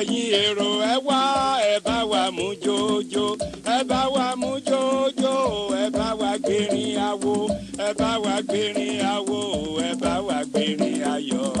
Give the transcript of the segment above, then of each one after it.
ẹ̀yin èrò ẹ wá ẹ bá wa mú jójó ẹ bá wa mú jójó ẹ bá wa gbérin awo ẹ bá wa gbérin awo ẹ bá wa gbérin ayọ̀.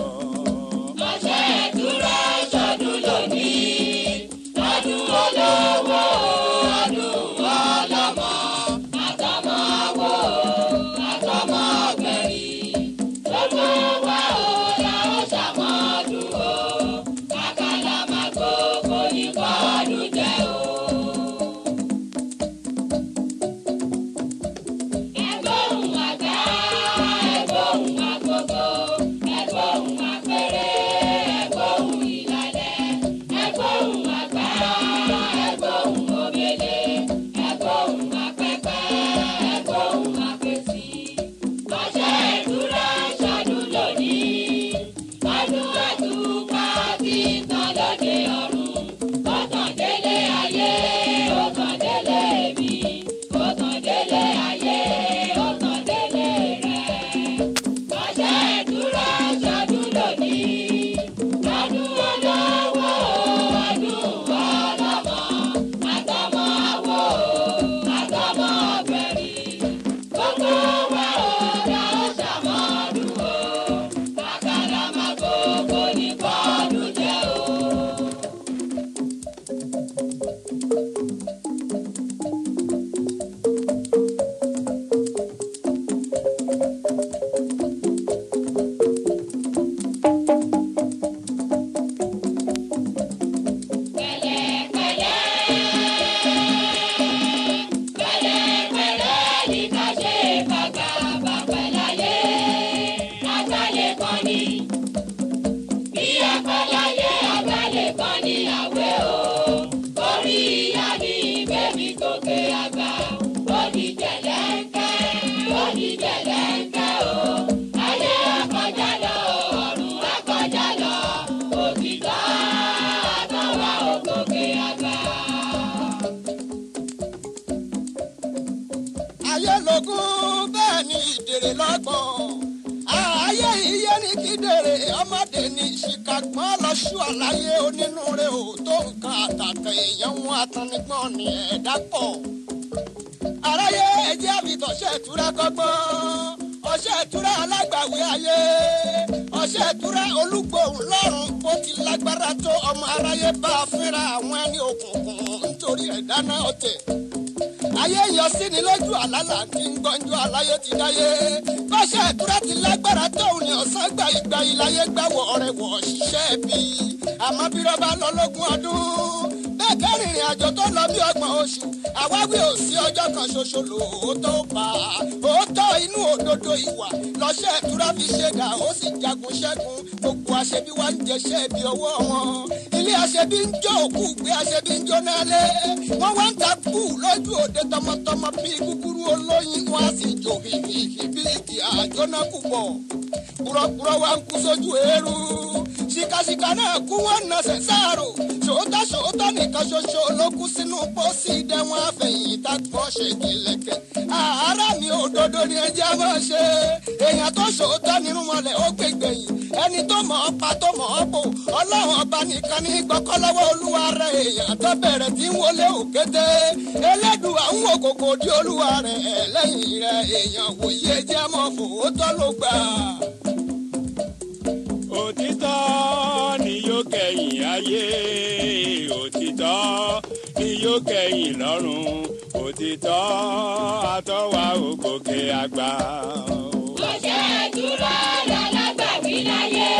òkè àgbà ó di o. ayé akọjá lọ ọ̀run akọjá lọ òtítọ́ àtọwà òkè àgbà. ayé lógún bẹ́ẹ̀ ni ìdèrè lọ́gbọ̀n. ẹ̀gbọ́n lọ́ṣù àlàyé onínúure ò tó nǹkan àtàkàn èèyàn wọn atanigbọ́n ni ẹ̀dá pọ̀. aráyé ẹjẹ́ àfitọ̀ ṣe ìtura kọ́gbọ́n ọṣẹ ìtura alágbàwé ayé ọṣẹ ìtura olúgbòhùn lọ́rùn bó ti lágbára tó ọmọ aráyé bá a fínra àwọn ẹni òkùnkùn nítorí ẹ̀dá náà ọ̀tẹ̀ ayé yọ sí ni lójú àlálà kí n gbọ́njú aláyé ti dáyé bọ́sẹ̀ ìtura ti lágbára tóun ni ọ̀sán gba ìgbà ìláyé gbà wọ ọ̀rẹ́ wọ̀ ṣiṣẹ́ bí àmọ́ bí rọ́bà lọ́lọ́gún ọdún bẹ́ẹ̀ kẹ́rìnrìn àjò tó lọ bí ọgbọ̀n oṣù àwáwí ò sí ọjọ́ kan ṣoṣo lòótọ́ bá òótọ́ inú òdodo ìwà lọ́ṣẹ́ ìtura fi ṣẹ̀dá ó sì jagun ṣẹ́gun gbogbo aṣebí wa ń jẹṣẹ́ ibi ọwọ́ wọn ilé aṣebí ń jó òkú gbé aṣebí ń jóná lé wọ́n wá ń ta kú lójú òde tọmọtọmọ bíi kúkúrú olóyin wọn á sì jò hìhìhì bíi ìdí àjónákù bọ̀ kúrọ́kúrọ́ wa ń kú sójú eérú ṣìkàṣìkà náà kú wọn nà ṣẹ̀ sáàrò ṣòótọ́ ṣòótọ́ nìkan ṣoṣo ló kú sínú pósí dẹ́wọ̀n àfẹ̀yìntà tó ṣe jìnlẹ̀kẹ̀. mi òdodo ni ẹjẹ́ máa ṣe èèyàn tó ṣòótọ́ nínú mọ̀lẹ́ ó gbègbèyìn ẹni tó mọ̀ ọ́ pa tó mọ̀ ọ́ bò ọlọ́run ọba nìkan ní gbọ́kọ́ lọ́wọ́ olúwa rẹ̀ èèyàn tó bẹ̀rẹ̀ tí ń wọlé òkété elédùà ń wò kòkò di olúwa rẹ̀ lẹ́yìn rẹ̀ èèyàn wòye jẹ́ mọ̀ fòótọ́ ló gbà. lọ́rùn òtítọ́ àtọ́wà ògòkè àgbà. mo ṣe dúró lọ́lọ́gbà wí láyé.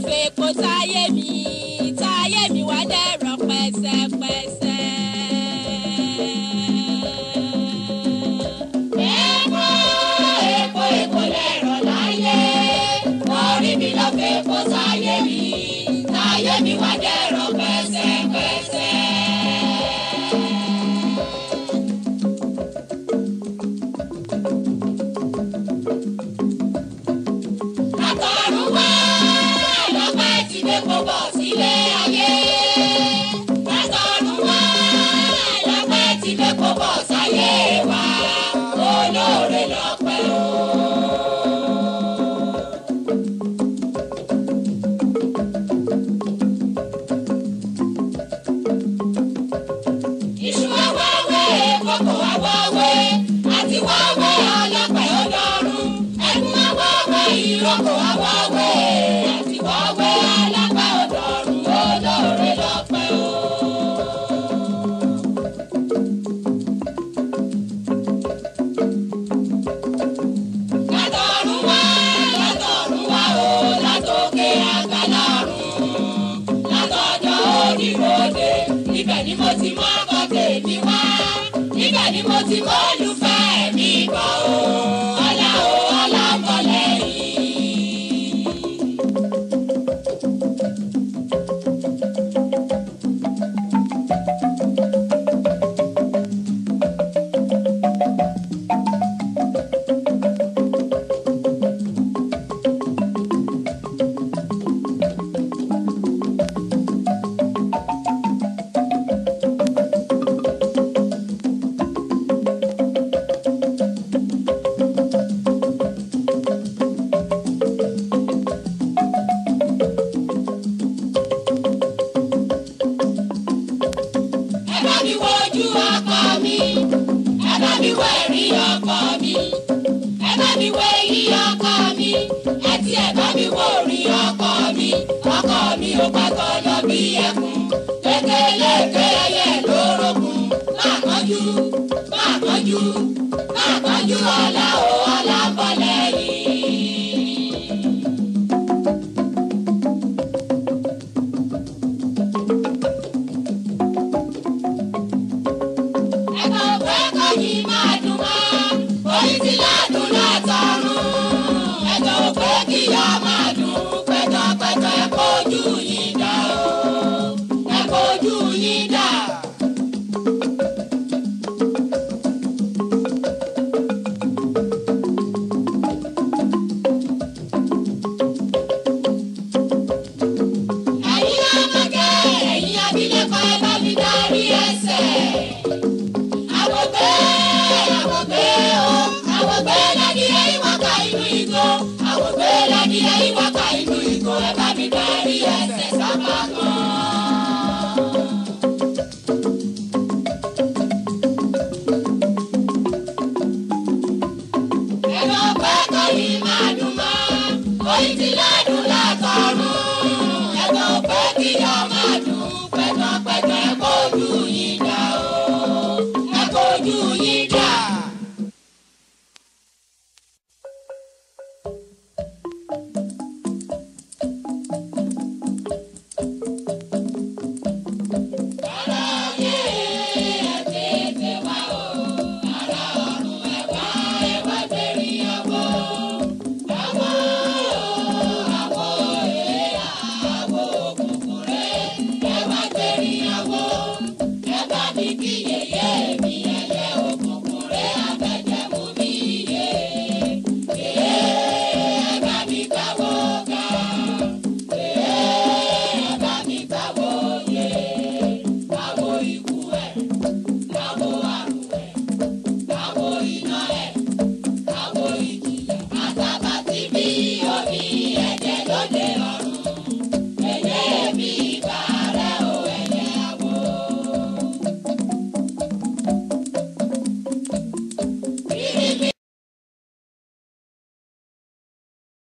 fẹ́ lóko àwáwé àtiwáwé alápá ọ̀dọ́rùn olóore lọ́pẹ́ o. látọ̀run wá látọ̀run wá o látòkè àgbàlá ọ̀run látọjọ́ oníròde ibẹ̀ ni mo ti mọ́ ọkọ̀ tèmi wá ibẹ̀ ni mo ti mọ́. mi wò rí ọkọ mi ọkọ mi ò gbàgbọ́ lọ bí ẹkùn kékeré kéré yẹn. Orí ti Yay, yay, yay.